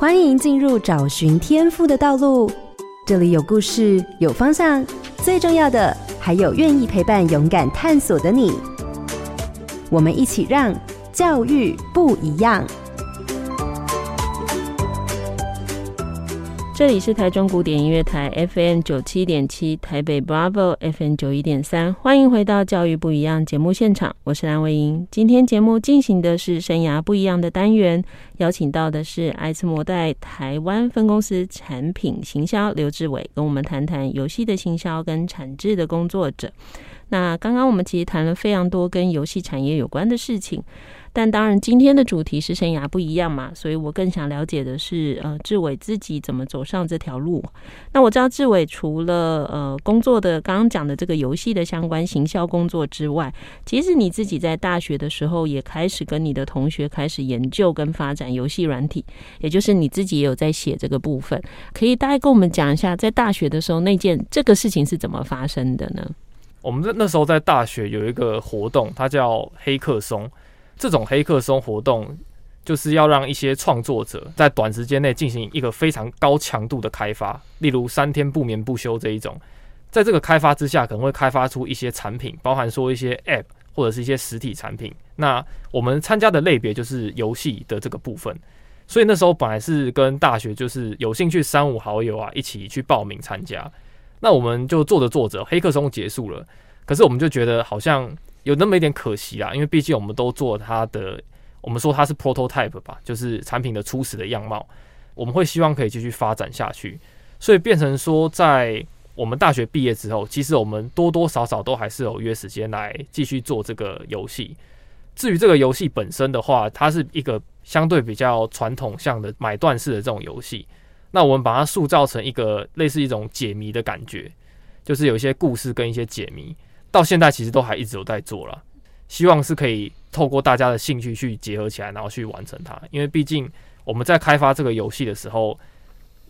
歡迎進入找尋天賦的道路，這裡有故事，有方向，最重要的還有願意陪伴、勇敢探索的你。我們一起讓教育不一樣。這裡是台中古典音樂台 FM 九七點七，台北 Bravo FM 九一點三，歡迎回到《教育不一樣》節目現場，我是藍偉瑩。今天節目進行的是生涯不一樣的單元，邀請到的是艾賜魔袋台灣分公司產品行銷劉致緯，跟我們談談遊戲的行銷跟產製的工作者。那剛剛我們其實談了非常多跟遊戲產業有關的事情，但當然今天的主題是生涯不一樣嘛，所以我更想了解的是，呃，致緯自己怎麼走上這條路。那我知道致緯除了呃工作的剛剛講的這個遊戲的相關行銷工作之外，其實你自己在大學的時候也開始跟你的同學開始研究跟發展遊戲軟體，也就是你自己也有在寫這個部分，可以大概跟我們講一下，在大學的時候那件這個事情是怎麼發生的呢？我們在那時候在大學有一個活動，它叫黑客松。這種黑客松活動就是要讓一些創作者在短時間內進行一個非常高強度的開發，例如三天不眠不休這一種。在這個開發之下，可能會開發出一些產品，包含說一些 App 或者是一些實體產品。那我們參加的類別就是遊戲的這個部分。所以那時候本來是跟大學就是有興趣三五好友啊一起去報名參加。那我們就做着做着，黑客松結束了。可是我們就覺得好像有那麼一點可惜啦，因為畢竟我們都做它的，我們說它是 prototype 吧，就是產品的初始的樣貌。我們會希望可以繼續發展下去，所以變成說，在我們大學畢業之後，其實我們多多少少都還是有約時間來繼續做這個遊戲。至於這個遊戲本身的話，它是一個相對比較傳統向的買斷式的這種遊戲。那我們把它塑造成一個類似一種解謎的感覺，就是有一些故事跟一些解謎，到現在其實都還一直有在做了。希望是可以透過大家的興趣去結合起來，然後去完成它。因為畢竟我們在開發這個遊戲的時候，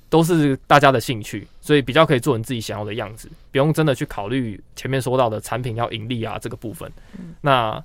都是大家的興趣，所以比較可以做成自己想要的樣子，不用真的去考慮前面說到的產品要盈利啊這個部分。那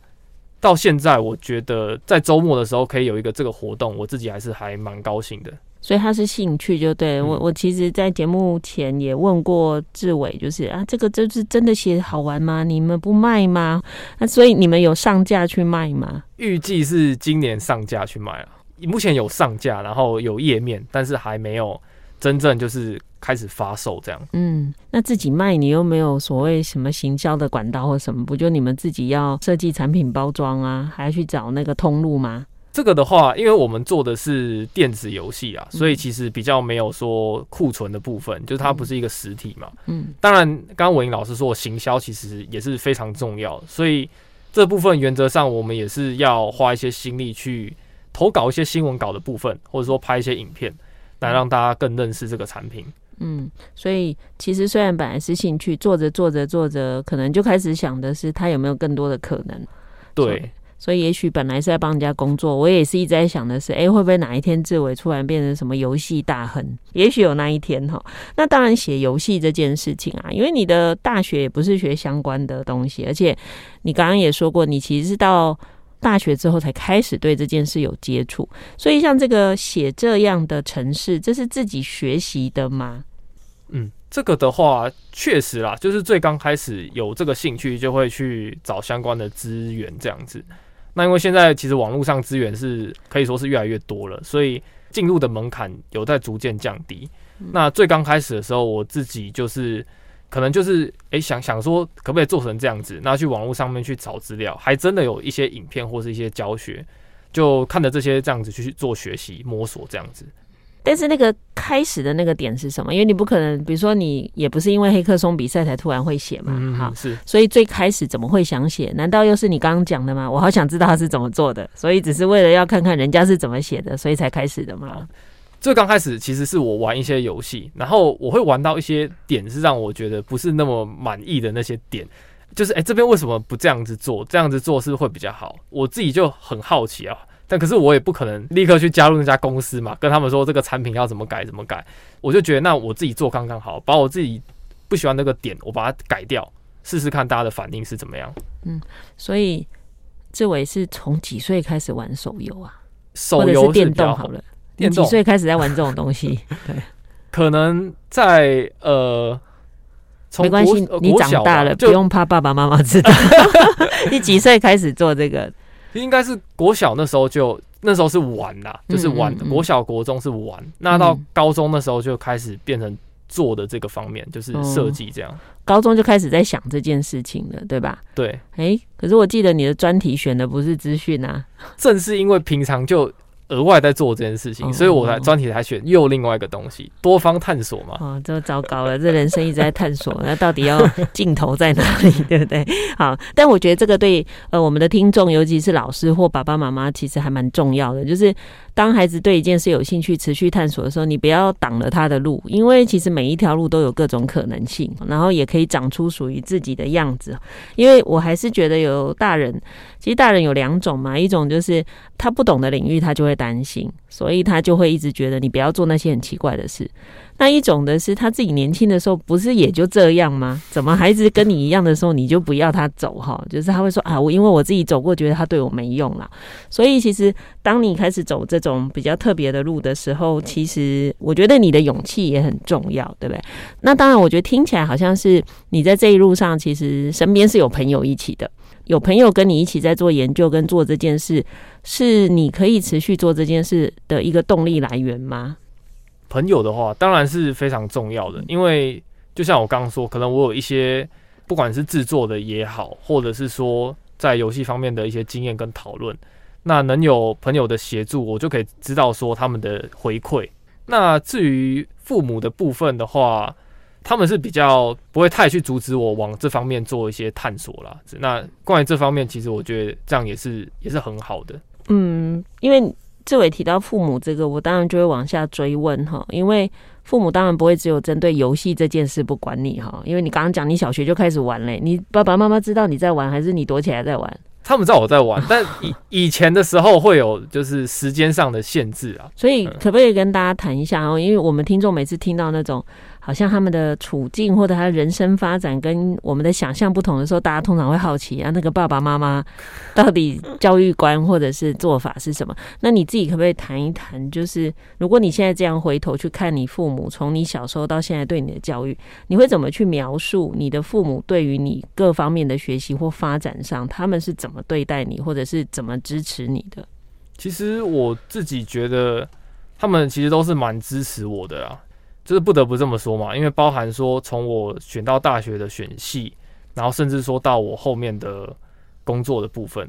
到現在，我覺得在周末的時候可以有一個這個活動，我自己還是還蠻高興的。所以它是興趣就對我，我其實，在節目前也問過致緯，就是啊，這個就是真的寫好玩嗎？你們不賣嗎？那、啊、所以你們有上架去賣嗎？預計是今年上架去賣了，啊，目前有上架，然後有頁面，但是還沒有真正就是開始發售這樣。嗯，那自己賣你又沒有所謂什麼行銷的管道或什麼，不就你們自己要設計產品包裝啊，還要去找那個通路嗎？這個的話，因為我們做的是電子遊戲啊，所以其實比較沒有說庫存的部分，嗯、就是它不是一個實體嘛。嗯，當然，剛剛偉瑩老師說，行銷其實也是非常重要，所以這部分原則上我們也是要花一些心力去投稿一些新聞稿的部分，或者說拍一些影片，來讓大家更認識這個產品。嗯，所以其實雖然本來是興趣，做着做着做着，可能就開始想的是它有沒有更多的可能。對。所以，也許本來是在幫人家工作，我也是一直在想的是，哎、欸，會不會哪一天致緯突然變成什麼遊戲大亨？也許有那一天哈。那當然，寫遊戲這件事情啊，因為你的大學也不是學相關的東西，而且你剛剛也說過，你其實是到大學之後才開始對這件事有接觸。所以，像這個寫這樣的程式，這是自己學習的嗎？嗯，這個的話，確實啦，就是最剛開始有這個興趣，就會去找相關的資源，這樣子。那因為現在其實網絡上資源是可以說是越來越多了，所以進入的門檻有在逐漸降低。那最剛開始的時候，我自己就是可能就是誒、欸，想想說可不可以做成這樣子，那去網絡上面去找資料，還真的有一些影片或是一些教學，就看着這些這樣子去做學習摸索這樣子。但是那個開始的那個點是什麼？因為你不可能，比如說你也不是因為黑客松比賽才突然會寫嘛，哈、嗯，是。所以最開始怎麼會想寫？難道又是你剛剛講的嗎？我好想知道他是怎麼做的，所以只是為了要看看人家是怎麼寫的，所以才開始的嗎？最剛開始其實是我玩一些遊戲，然後我會玩到一些點是讓我覺得不是那麼滿意的那些點，就是哎、欸，這邊為什麼不這樣子做？這樣子做是不是會比較好？我自己就很好奇啊。但可是我也不可能立刻去加入那家公司嘛，跟他們說這個產品要怎麼改怎麼改，我就覺得那我自己做剛剛好，把我自己不喜歡那個點，我把它改掉，試試看大家的反應是怎麼樣。嗯，所以致緯是從幾歲開始玩手遊啊？手遊遊是，是電動好了，電動較？你幾歲開始在玩這種東西？ 對，可能在呃，沒關係，呃啊、你長大了就不用怕爸爸媽媽知道。 你幾歲開始做這個？應該是國小那時候就那時候是玩啦，啊，就是玩，嗯嗯嗯，國小國中是玩，那到高中那時候就開始變成做的這個方面，就是設計這樣。哦。高中就開始在想這件事情了，對吧？對，哎、欸，可是我記得你的專題選的不是資訊啊，正是因為平常就。額外在做這件事情，所以我還專題才選又另外一個東西，多方探索嘛。哦，這糟糕了，這人生一直在探索，那 到底要盡頭在哪裡，對不對？好，但我覺得這個對呃我們的聽眾，尤其是老師或爸爸媽媽，其實還蠻重要的。就是當孩子對一件事有興趣，持續探索的時候，你不要擋了他的路，因為其實每一條路都有各種可能性，然後也可以長出屬於自己的樣子。因為我還是覺得有大人，其實大人有兩種嘛，一種就是他不懂的領域，他就會。擔心，所以他就會一直覺得你不要做那些很奇怪的事。那一種的是他自己年輕的時候不是也就這樣嗎？怎麼還一直跟你一樣的時候你就不要他走哈？就是他會說啊，我因為我自己走過，覺得他對我沒用了。所以其實當你開始走這種比較特別的路的時候，其實我覺得你的勇氣也很重要，對不對？那當然，我覺得聽起來好像是你在這一路上其實身邊是有朋友一起的。有朋友跟你一起在做研究跟做這件事，是你可以持續做這件事的一個動力來源嗎？朋友的話，當然是非常重要的，因為就像我剛剛說，可能我有一些，不管是製作的也好，或者是說在遊戲方面的一些經驗跟討論，那能有朋友的協助，我就可以知道說他們的回饋。那至於父母的部分的話，他們是比較不會太去阻止我往這方面做一些探索啦。那關於這方面，其實我覺得這樣也是也是很好的。嗯，因為致緯，提到父母這個，我當然就會往下追問哈。因為父母當然不會只有針對遊戲這件事不管你哈，因為你剛剛講你小學就開始玩嘞、欸，你爸爸媽媽知道你在玩還是你躲起來在玩？他們知道我在玩， 但以以前的時候會有就是時間上的限制啊。所以可不可以跟大家談一下哦？嗯、因為我們聽眾每次聽到那種。好像他們的處境或者他的人生發展跟我們的想象不同的時候，大家通常會好奇啊，那個爸爸媽媽到底教育觀或者是做法是什麼？那你自己可不可以談一談？就是如果你現在這樣回頭去看你父母，從你小時候到現在對你的教育，你會怎麼去描述你的父母對於你各方面的學習或發展上，他們是怎麼對待你，或者是怎麼支持你的？其實我自己覺得，他們其實都是蠻支持我的啊。就是不得不這麼說嘛，因為包含說從我選到大學的選系，然後甚至說到我後面的工作的部分，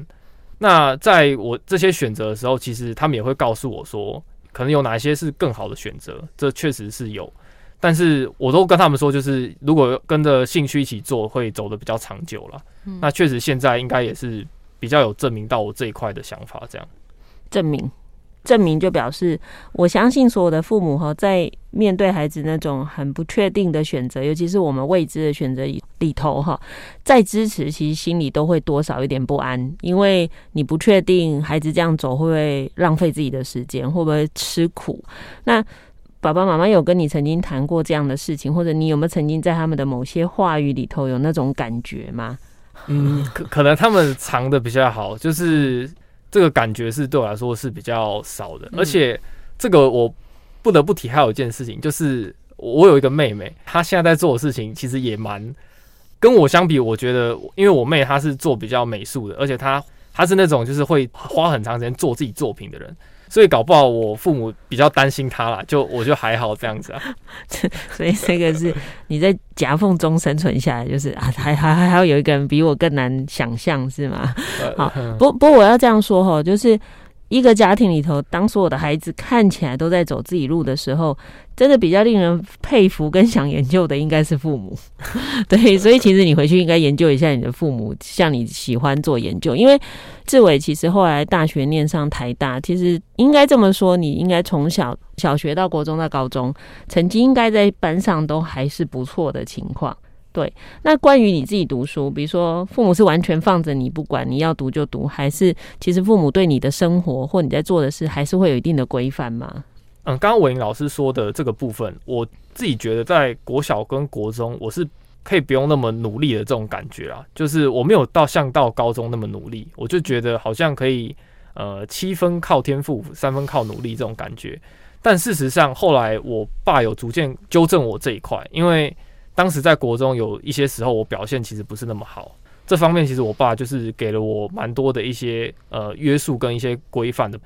那在我這些選擇的時候，其實他們也會告訴我說，可能有哪些是更好的選擇，這確實是有。但是我都跟他們說，就是如果跟着興趣一起做，會走得比較長久了。嗯、那確實現在應該也是比較有證明到我這一塊的想法，這樣證明。證明就表示，我相信所有的父母哈，在面對孩子那種很不確定的選擇，尤其是我們未知的選擇裡頭哈，在支持，其實心裡都會多少一點不安，因為你不確定孩子這樣走會不會浪費自己的時間，會不會吃苦。那爸爸媽媽有跟你曾經談過這樣的事情，或者你有沒有曾經在他們的某些話語裡頭有那種感覺嗎？嗯，可可能他們藏得比較好，就是。這個感覺是對我來說是比較少的，而且這個我不得不提還有一件事情，就是我有一個妹妹，她現在在做的事情其實也蠻跟我相比，我覺得因為我妹她是做比較美術的，而且她她是那種就是會花很長時間做自己作品的人。所以搞不好我父母比較擔心他啦，就我就還好這樣子啊。 所以這個是你在夾縫中生存下來，就是、啊、還還還還有一個人比我更難想象是嗎？呃、好，呵呵不不過我要這樣說哈，就是。一個家庭裡頭，當所有的孩子看起來都在走自己路的時候，真的比較令人佩服跟想研究的應該是父母。 對，所以其實你回去應該研究一下你的父母，像你喜歡做研究，因為致緯其實後來大學念上台大，其實應該這麼說，你應該從小小學到國中到高中，成績應該在班上都還是不錯的情況。對，那關於你自己讀書，比如說父母是完全放着你不管，你要讀就讀，還是其實父母對你的生活或你在做的事，還是會有一定的規範嗎？嗯，剛剛偉瑩老師說的這個部分，我自己覺得在國小跟國中，我是可以不用那麼努力的這種感覺啊，就是我沒有到像到高中那麼努力，我就覺得好像可以呃七分靠天賦，三分靠努力這種感覺。但事實上，後來我爸有逐漸糾正我這一塊，因為。當時在國中有一些時候，我表現其實不是那麼好。這方面其實我爸就是給了我蠻多的一些呃約束跟一些規範的，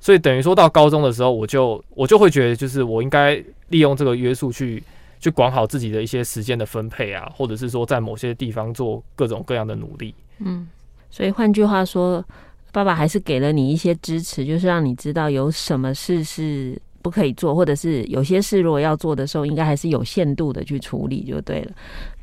所以等於說到高中的時候，我就我就會覺得就是我應該利用這個約束去去管好自己的一些時間的分配啊，或者是說在某些地方做各種各樣的努力。嗯，所以換句話說，爸爸還是給了你一些支持，就是讓你知道有什麼事是不可以做，或者是有些事如果要做的時候，應該還是有限度的去處理就對了。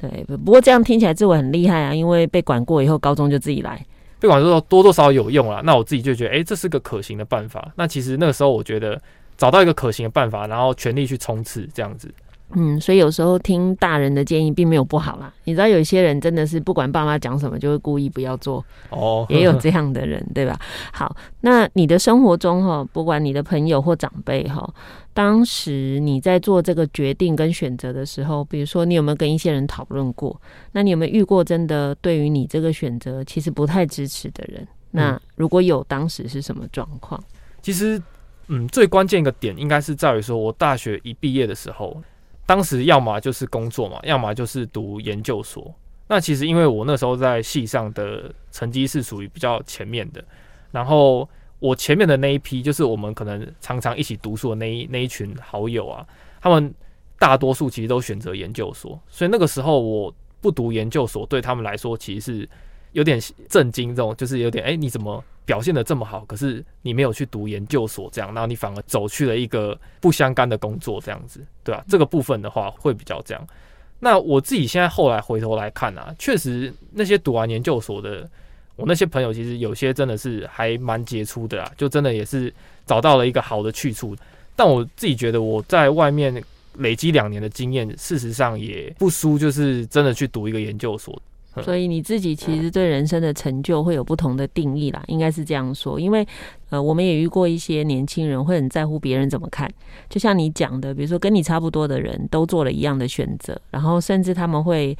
對，不過這樣聽起來自我很厲害啊，因為被管過以後，高中就自己來。被管說多多少有用了，那我自己就覺得，哎、欸，這是個可行的辦法。那其實那個時候我覺得找到一個可行的辦法，然後全力去衝刺，這樣子。嗯，所以有時候聽大人的建議並沒有不好啦。你知道有些人真的是不管爸媽講什麼，就會故意不要做。哦，oh. 也有這樣的人， 對吧？好，那你的生活中哈，不管你的朋友或長輩哈，當時你在做這個決定跟選擇的時候，比如說你有沒有跟一些人討論過？那你有沒有遇過真的對於你這個選擇其實不太支持的人？嗯、那如果有，當時是什麼狀況？其實，嗯，最關鍵一個點應該是在於說，我大學一畢業的時候。當時要麼就是工作嘛，要麼就是讀研究所。那其實因為我那時候在系上的成績是屬於比較前面的，然後我前面的那一批，就是我們可能常常一起讀書的那一那一群好友啊，他們大多數其實都選擇研究所。所以那個時候我不讀研究所，對他們來說其實是有點震驚，這種就是有點哎，欸、你怎麼？表現得這麼好，可是你沒有去讀研究所，這樣，然後你反而走去了一個不相干的工作，這樣子，對啊，這個部分的話會比較這樣。那我自己現在後來回頭來看啊，確實那些讀完研究所的，我那些朋友其實有些真的是還蠻傑出的啊，就真的也是找到了一個好的去處。但我自己覺得我在外面累積兩年的經驗，事實上也不輸，就是真的去讀一個研究所。所以你自己其實對人生的成就會有不同的定義啦，應該是這樣說。因為，呃，我們也遇過一些年輕人會很在乎別人怎麼看，就像你講的，比如說跟你差不多的人都做了一樣的選擇，然後甚至他們會。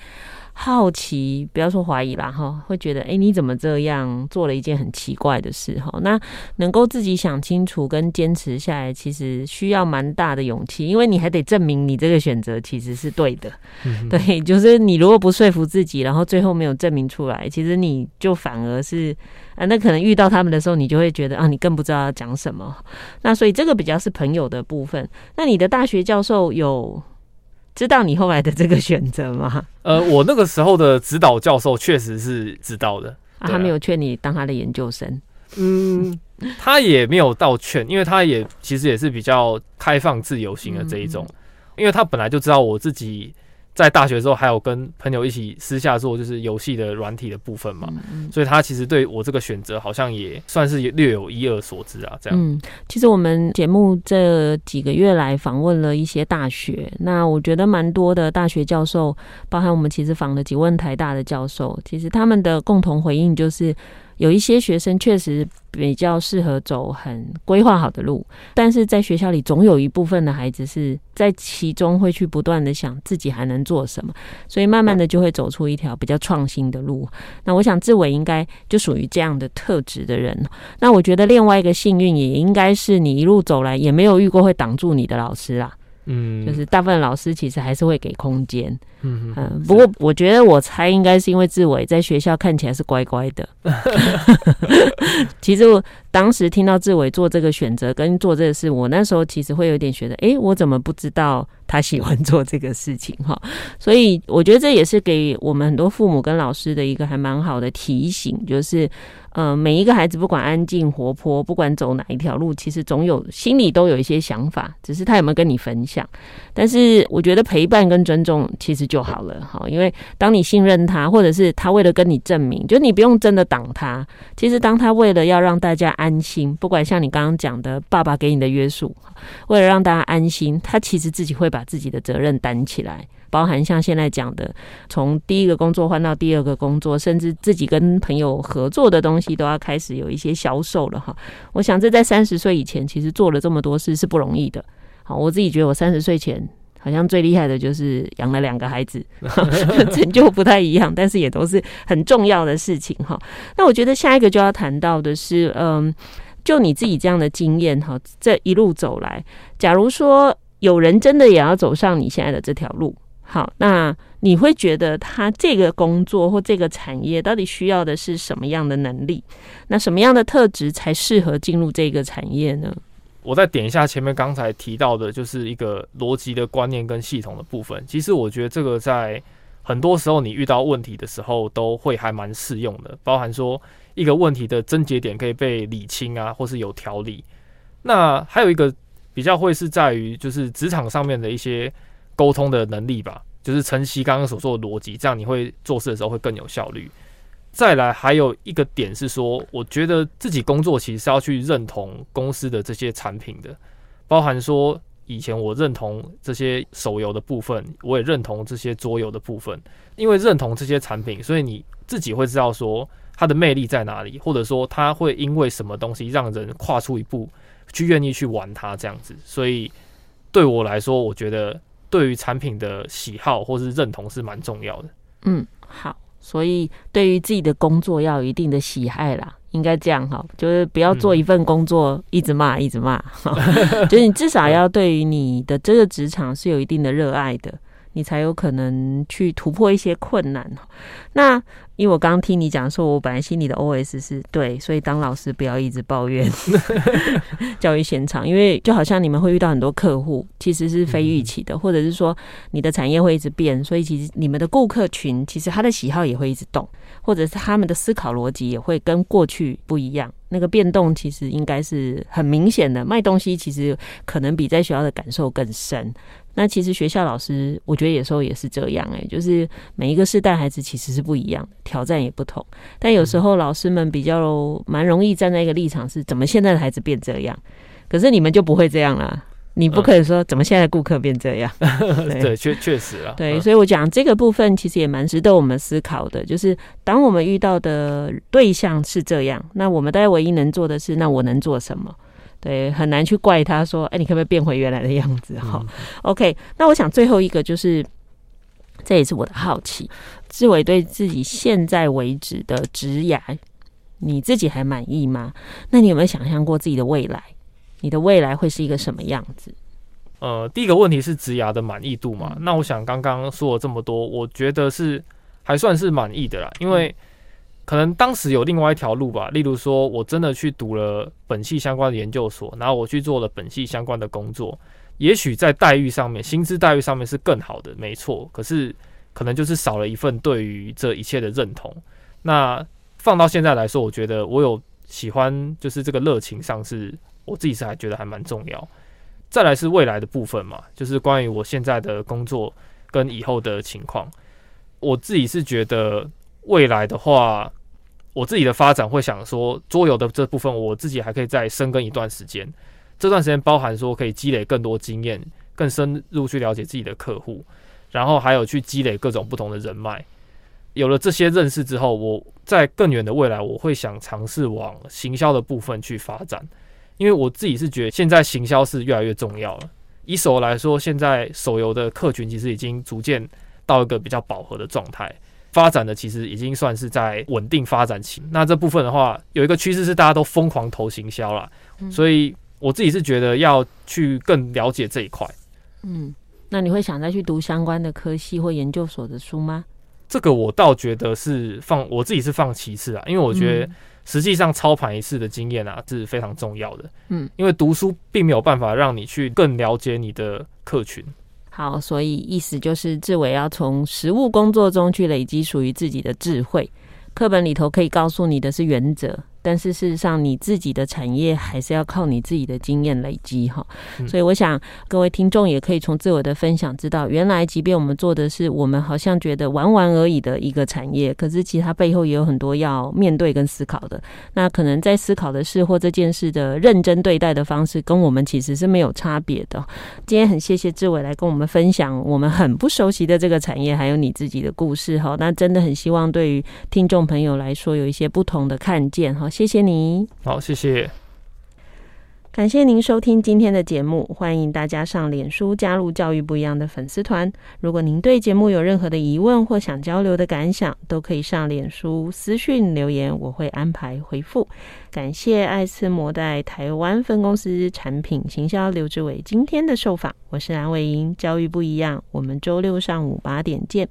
好奇，不要說懷疑吧。哈，會覺得哎、欸，你怎麼這樣做了一件很奇怪的事？哈，那能夠自己想清楚跟堅持下來，其實需要蠻大的勇氣，因為你還得證明你這個選擇其實是對的。嗯、哼對，就是你如果不說服自己，然後最後沒有證明出來，其實你就反而是啊，那可能遇到他們的時候，你就會覺得啊，你更不知道要講什麼。那所以這個比較是朋友的部分。那你的大學教授有？知道你後來的這個選擇嗎？呃，我那個時候的指導教授確實是知道的，啊啊、他沒有勸你當他的研究生，嗯，他也沒有道歉，因為他也其實也是比較開放自由型的這一種，嗯、因為他本來就知道我自己。在大學的時候，還有跟朋友一起私下做，就是遊戲的軟體的部分嘛。所以他其實對我這個選擇，好像也算是略有一二所知啊。這樣。嗯，其實我們節目這幾個月來訪問了一些大學，那我覺得蠻多的大學教授，包含我們其實訪了幾位台大的教授，其實他們的共同回應就是。有一些學生確實比較適合走很規劃好的路，但是在學校裡總有一部分的孩子是在其中會去不斷的想自己還能做什麼，所以慢慢的就會走出一條比較創新的路。那我想致緯應該就屬於這樣的特質的人。那我覺得另外一個幸運也應該是你一路走來也沒有遇過會擋住你的老師啦，嗯，就是大部分老師其實還是會給空間。嗯嗯，不過我覺得我猜應該是因為致緯在學校看起來是乖乖的。 其實我當時聽到致緯做這個選擇跟做這個事，我那時候其實會有點覺得，哎、欸，我怎麼不知道他喜歡做這個事情哈？所以我覺得這也是給我們很多父母跟老師的一個還蠻好的提醒，就是，嗯、呃，每一個孩子不管安靜活潑，不管走哪一條路，其實總有心裡都有一些想法，只是他有沒有跟你分享。但是我覺得陪伴跟尊重其實。就好了哈，因為當你信任他，或者是他為了跟你證明，就你不用真的擋他。其實當他為了要讓大家安心，不管像你剛剛講的爸爸給你的約束，為了讓大家安心，他其實自己會把自己的責任擔起來，包含像現在講的，從第一個工作換到第二個工作，甚至自己跟朋友合作的東西都要開始有一些銷售了哈。我想這在三十歲以前，其實做了這麼多事是不容易的。好，我自己覺得我三十歲前。好像最厲害的就是養了兩個孩子， 成就不太一樣，但是也都是很重要的事情哈。那我覺得下一個就要談到的是，嗯，就你自己這樣的經驗哈，這一路走來，假如說有人真的也要走上你現在的這條路，好，那你會覺得他這個工作或這個產業到底需要的是什麼樣的能力？那什麼樣的特質才適合進入這個產業呢？我再點一下前面剛才提到的，就是一個邏輯的觀念跟系統的部分。其實我覺得這個在很多時候你遇到問題的時候都會還蠻適用的，包含說一個問題的症結點可以被理清啊，或是有條理。那還有一個比較會是在於就是職場上面的一些溝通的能力吧，就是承襲剛剛所說的邏輯，這樣你會做事的時候會更有效率。再來還有一個點是說，我覺得自己工作其實是要去認同公司的這些產品的，包含說以前我認同這些手遊的部分，我也認同這些桌遊的部分。因為認同這些產品，所以你自己會知道說它的魅力在哪裡，或者說它會因為什麼東西讓人跨出一步去願意去玩它這樣子。所以對我來說，我覺得對於產品的喜好或是認同是蠻重要的。嗯，好。所以，對於自己的工作要有一定的喜愛啦，應該這樣哈，就是不要做一份工作，嗯、一直罵，一直罵， 就是你至少要對於你的這個職場是有一定的熱愛的。你才有可能去突破一些困難。那因為我剛剛聽你講說，我本來心裡的 OS 是對，所以當老師不要一直抱怨 教育現場，因為就好像你們會遇到很多客戶，其實是非預期的，或者是說你的產業會一直變，所以其實你們的顧客群其實他的喜好也會一直動，或者是他們的思考邏輯也會跟過去不一樣。那個變動其實應該是很明顯的，賣東西其實可能比在學校的感受更深。那其實學校老師，我覺得有時候也是這樣哎、欸，就是每一個世代孩子其實是不一樣，挑戰也不同。但有時候老師們比較蠻容易站在一個立場，是怎麼現在的孩子變這樣？可是你們就不會這樣了。你不可以說怎麼現在的顧客變這樣？嗯、對， 對，確確實啊。對，嗯、所以我講這個部分其實也蠻值得我們思考的，就是當我們遇到的對象是這樣，那我們大家唯一能做的是，那我能做什麼？對，很難去怪他說，哎、欸，你可不可以變回原來的樣子？哈、嗯、，OK。那我想最後一個就是，這也是我的好奇，致緯對自己現在為止的職涯，你自己還滿意嗎？那你有沒有想象過自己的未來？你的未來會是一個什麼樣子？呃，第一個問題是職涯的滿意度嘛。嗯、那我想剛剛說了這麼多，我覺得是還算是滿意的啦，因為。嗯可能當時有另外一條路吧，例如說，我真的去讀了本系相關的研究所，然後我去做了本系相關的工作，也許在待遇上面，薪資待遇上面是更好的，沒錯。可是可能就是少了一份對於這一切的認同。那放到現在來說，我覺得我有喜歡，就是這個熱情上是，我自己是還覺得還蠻重要。再來是未來的部分嘛，就是關於我現在的工作跟以後的情況，我自己是覺得。未來的話，我自己的發展會想說，桌遊的這部分我自己還可以再深耕一段時間。這段時間包含說可以積累更多經驗，更深入去了解自己的客戶，然後還有去積累各種不同的人脈。有了這些認識之後，我在更遠的未來，我會想嘗試往行銷的部分去發展，因為我自己是覺得現在行銷是越來越重要了。以手遊來說，現在手遊的客群其實已經逐漸到一個比較飽和的狀態。發展的其實已經算是在穩定發展期，那這部分的話，有一個趨勢是大家都瘋狂投行銷啦，嗯，所以我自己是覺得要去更了解這一塊。嗯，那你會想再去讀相關的科系或研究所的書嗎？這個我倒覺得是放我自己是放其次啊，因為我覺得實際上操盤一次的經驗啊是非常重要的。嗯，因為讀書並沒有辦法讓你去更了解你的客群。好，所以意思就是，致緯要從實務工作中去累積屬於自己的智慧。課本裡頭可以告訴你的是原則。但是事實上，你自己的產業還是要靠你自己的經驗累積哈。嗯。所以我想各位聽眾也可以從致緯的分享知道，原來即便我們做的是我們好像覺得玩玩而已的一個產業，可是其實它背後也有很多要面對跟思考的。那可能在思考的事或這件事的認真對待的方式，跟我們其實是沒有差別的。今天很謝謝致緯來跟我們分享我們很不熟悉的這個產業，還有你自己的故事哈。那真的很希望對於聽眾朋友來說有一些不同的看見哈。謝謝你，好，謝謝。感謝您收聽今天的節目，歡迎大家上臉書加入“教育不一樣的”粉絲團。如果您對節目有任何的疑問或想交流的感想，都可以上臉書私訊留言，我會安排回復。感謝艾賜魔袋台灣分公司產品行銷劉致緯今天的受訪，我是藍偉瑩，教育不一樣，我們周六上午八點見。